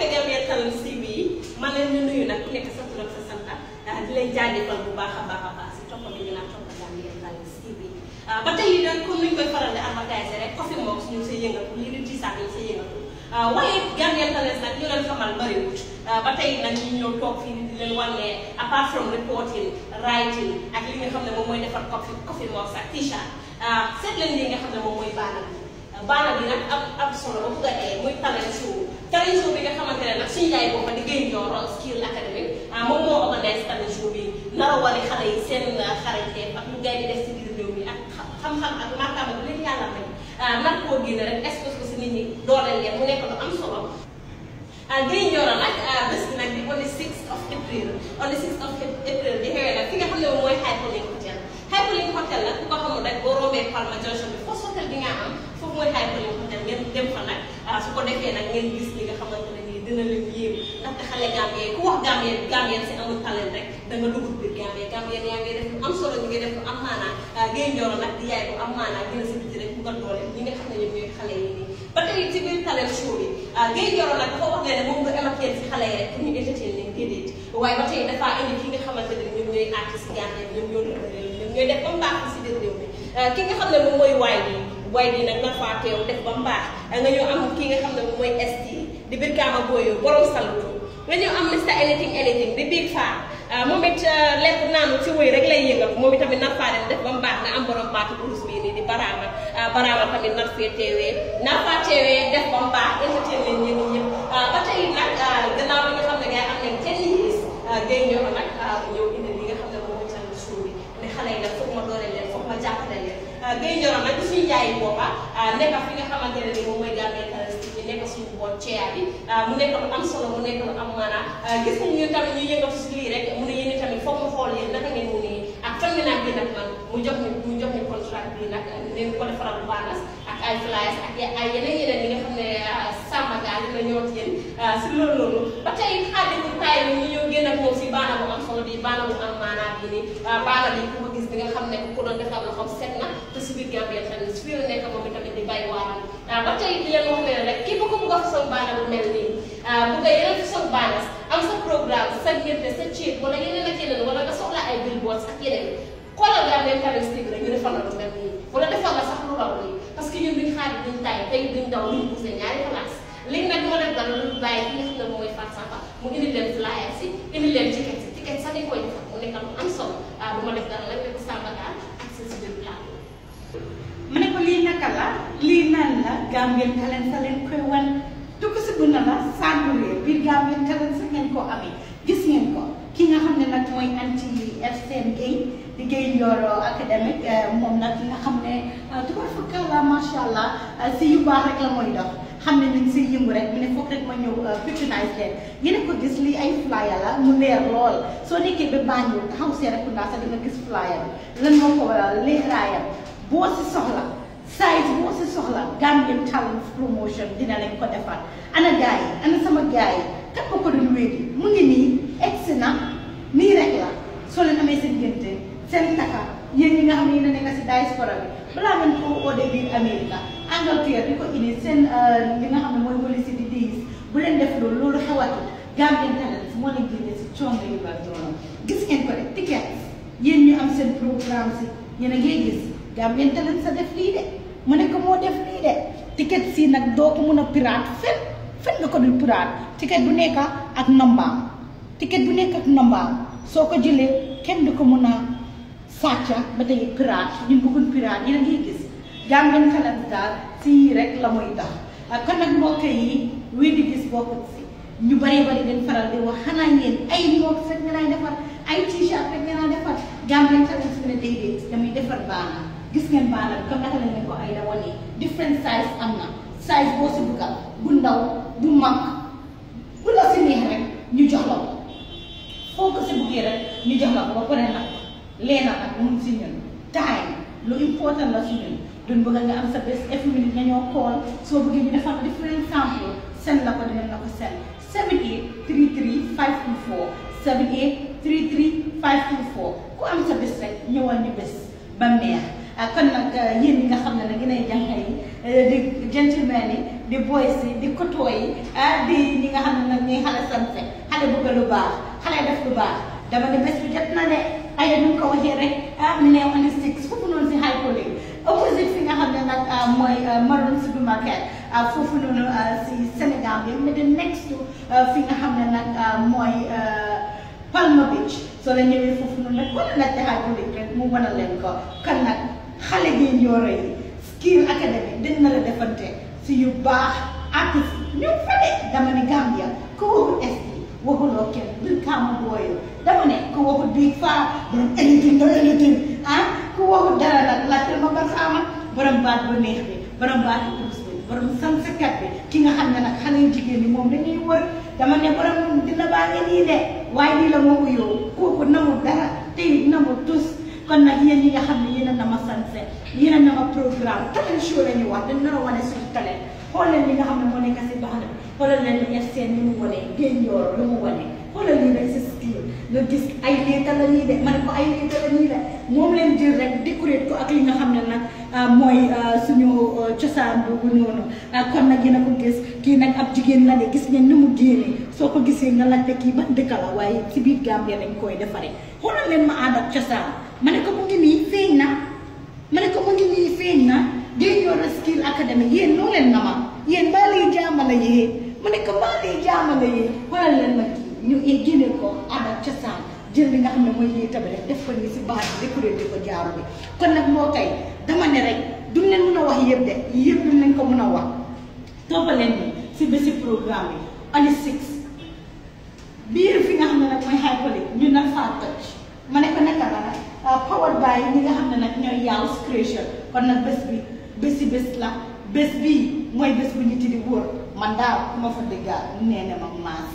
soppee Gambian Talents TV yi man leen ñu nuyu nag ku nekk sa tur ak sa sant daal ah, di leen jaajëfal bu baax a baax a baax si topp bi ñu ah, ba te yi nag comme ni ñu koy faral di advertise rek Coffee Mug ñu ngi say yëngatu a di tiisaat ñu ngi say yëngatu ah, waaye Gambian Talents nag ñu leen xamal bëriwut ba tey nag ñu ñëw toog fii di leen wan ne apart from reporting writing ak li nga xam ne moom mooy defar Coffee Coffee Mug ak t-shirt seet leen li nga xam ne moom mooy baana bi nag am am solo ba bugg a dee muy talent show talent show bi nga xamante ne nag suñu yaay boobu di gën ñoo rock skill academy ah, moom moo organise talent show bi nar a wari xale yi seen ah, xarañte ak lu gay di def si biir réew mi ak xam-xam ak maakaama bu leen yàlla may ah, nar koo génne rek expose ko si nit ñi dooleel leen mu nekk lu am solo a Ndioro nag bés bi nag di on the 6 of April on the 6 of April di xewee nag fi xam ne mooy Hyperlink Hotel Hyperlink Hotel nag ku foofu mooy xayma yoo xam ne ngeen dem fa nag ah, su xale da nga dugg biir Gambien Gambien yaa ngi def lu am solo ñu ngi def lu am maanaa ngay njooro a si biti yi nii ba tey ci biir talent show bi ngay ah, njooro nag dafa wax ne ne moom nga éloquer si xale yi rek pour ñu étateel leen déedéet waaye ba tey dafaa indi ki nga xamante ne ñoom ñooy artiste Gambien si biir réew ah, mooy waay bi way bi nag na faa teew def ba mu baax nga ñëw am kii nga xam ne moom mooy ST di biir Kaama Boye borom salutu nga ñëw am Mr Anything Anything di biir Faa ah, moom it ah, lekk naanu ci wëy rek lay yëngal moom it tamit nar faa dem def ba mu baax nga am borom baatu kurus bii nii di Baraama ah, Baraama tamit nar teewee nar teewee def ba mu baax entertainment ñi ñëpp nekk fi nga xamante ne ni moom mooy Gambian Talents TV nekk suñu boot ceeya bi ah, mu nekk lu am solo mu nekk lu am maanaa ah, gis nañu tamit ñu yëngatu si lii rek mu ne yéen tamit foog mu xool yéen naka ngeen mu nii ak fan nga naan a man mu jox ñu mu jox ñu contrat bi nag neen ko moom si baana am solo bi baana am maanaa bi nii ah, baana bi ku ko gis di nga xam ne ku ko doon defal loxoom set na te si biir Gambian Talents fii la nekk moom itamit lay waar ah ba tey di leen wax ne rek képp ku bugg a façon baana bu mel nii ah bugg a yeneen façon baana am sa programme sa ngénte sa ceeb wala yeneen ak yeneen wala nga soxla ay billboards ak yeneen xoolal nga leen tamit stig rek ñu defal la lu mel nii wala defal la sax lu raw nii parce que ñun duñ xaar duñ tay tey duñ daw luñ poussé ñaari place léegi nag moo def dara lu bàyyi ki nga xam ne mooy Fat Samba mu indi leen flyers yi indi leen ticket yi ticket sax dañ koy defar mu ah bu ma lii nan la Gambian Talents a leen koy wan tukusi bu na la sànnuree biir Gambian Talents ngeen ko amee gis ngeen ko ki nga xam ne nag mooy anti FCM Guèye di Guèye Njoro académique eh, moom nag ki nga xam ne eh, tubarfakala macha allah eh, si yu baax rek la ma ñëw pétunize leen yéen ko gis li ay flyer la mu leer lool soo nekkee ba Banjul taxaw Serekunda sax di nga gis flyer lan moo ko leeraayam boo si soxla size boo si soxla Gambian Talent promotion dina lañ ko defal ana gars yi ana sama gars yi takk ko duñ wéegi mu ngi nii egsi na nii rek la soo leen amee seen ngénte seen takka yéen ñi nga xam ne yéen a nekk si diaspora bi balaa ngeen ko oode biir Amérique Angleterre di ko indi seen euh, li nga xam ne mooy policy di diis bu leen def loolu loolu xewatu Gambian Talent moo leen génne si coono yu bari noonu gis ngeen ko de ticket yéen ñu am seen programme si yéen a ngi gis yaa am intelligence sa def lii de mu ne ko moo def lii de ticket si nag doo ko mun a piraat fen fen nga ko dul piraat ticket bu nekk ak nambaam ticket bu nekk ak nambaam soo ko jëlee kenn du ko mun a sàcca ba tey piraat ñu bëgguñ piraat yéen a ngi gis Gambian Talents daal si rek la muy tax ah, kon nag mbokk yi wii di gis bokkut si ñu bari bari dañ faral di wax xanaa ngeen ay mook rek nga lay defar ay t-shirt rek nga lay defar Gambian Talents bi ne déedéet defar baax gis ngeen maanaam comme naka lañ ko ay dawoon yi different size am na size boo si bugga bu ndaw bu mag bu la si neex rek ñu jox la ko foo si buggee rek ñu jox la ko ba pare nag lee na nag mun si ñun time lu important la si ñun duñ bëgg nga am sa bés every minute nga ñoo call soo bëggee ñu defar different sample send la ko dinañ la ko send 78 33 524 78 33 524 ku am sa bés rek ñëwal ñu bés ba neex Euh, kon nag euh, yéen nga xam ne nag yéenay jànq yi euh, di gentleman yi di boys yi di koto yi ah, di ñi nga xam ne nag ñuy xale sanse xale bëgg lu baax xale def lu baax dama ne bés bi jot na de ay nu nga ko waxee rek ah ne ma ne six foofu noonu si high college opposite fi nga xam ne nag ah, mooy Maroon supermarket ah, foofu noonu si Sénégal bi mu ne next to fi nga xam ne nag mooy Palma Beach soo la ñëwee foofu noonu nag wala nag te high college rek mu wanal leen ko kon nag xale ngeen yoo rey Skill Academy dina la defante si yu baax artiste ñu fa de dama ne Gambia ku waxul ST waxuloo kenn du kaamu booyoo dama ne ku waxul Big Faa borom anything no anything ah ku waxul dara nag laajte ma ba xaama borom baat bu neex bi borom baat bu tuus bi borom sansakat bi ki nga xam ne nag xale yu jigéen ñi moom dañuy wër dama ne borom dina baa ngi waaye lii la moo uyoo kooku namul dara te it tus kon nag yéen yi nga xam ne yéen a na ma sanse yéen na ma programme talent show a ñu wax dañ nar a wane suñu talent xool leen li nga xam ne moo nekk si baax na xoolal leen li FC ni mu wane génn yoor lu nga gis ay leeta la ñuy de ma ne leen jël rek décorer ko ak li nga xam ne nag euh, mooy euh, suñu euh, cosaan boobu noonu kon nag yéen a ko gis kii nag ab jigéen la ne gis ngeen ni mu génnee soo ko gisee nga laajte kii ban dëkk la waaye ci biir Gambie lañ koy defaree xoolal leen ma aada ak cosaan ma ne ko mu ngi nii feeñ na ma ne ko mu ngi nii feeñ na day yor skill académique yéen noo leen na ma yéen maa lay jaamale yéen ma ne ko maa lay jaamale yéen xoolal leen ma ko aada cosaan jël li nga xam ne mooy lii tamit def ko nii si baax bi décorer ko jaaru bi kon nag moo tey dama ne rek duñ leen mën a wax yëpp de yëpp duñ leen ko mën a wax toppaleen bi si bési programme bi année six biir fi nga xam ne nag mooy high college ñu nag faa toj ma ne ko nekka la Uh, powered by ñi nga xam ne nag Yaw's Creation kon nag bés bi bési bés la bés bii mooy bés bu ñu tiddi wóor man daal ku fa dëggaal nee ne ma maas